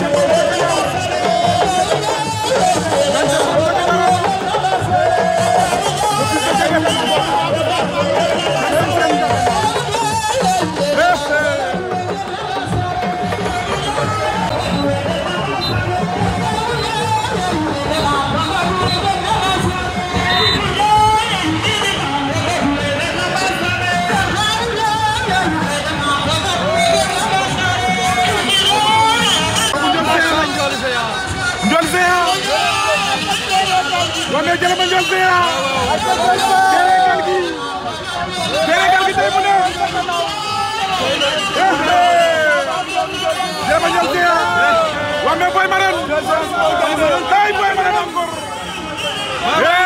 Gracias. Vamos. Wane Vamos. a Jalle Vamos. Jalle Galgi Vamos. mu Vamos. Vamos. Galizia! Wane Vamos. a Tey Vamos. Marène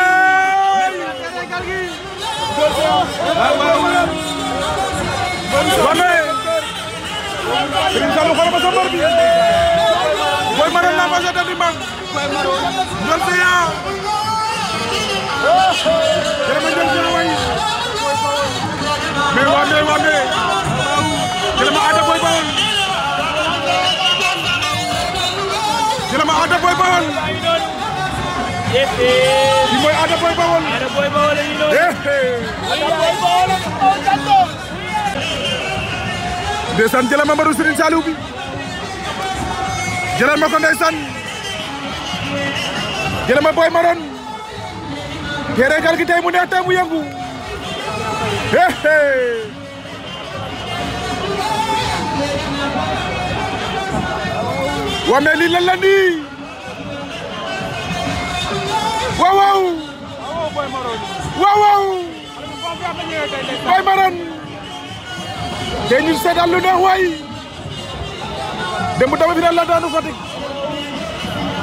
encore! Vamos. Sëriñ Vamos. Vamos. ma sa Vamos. bi! Jalan Ada Boy Bawol Ada Boy ada yi Ada Boy Bawol ko ada ndeysaan jëlal ma mbaru jalan Saliou bi jalan ma ko Jelema Boy Maron geregal gi kita mu neex tey mu yëngu hehe wameli lala ni wow, waaw waaw wow, Boy Maron dañu seetal lu neex waay démb dama bi daal la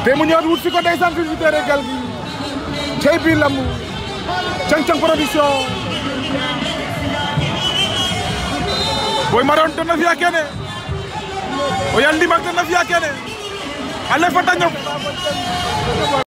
te mu ñëwaat wut si ko ndeysaan fi fi gal gi cey bii lamb cang-cang production boy maroon doon na fiya kene o yan limak doon na ale fata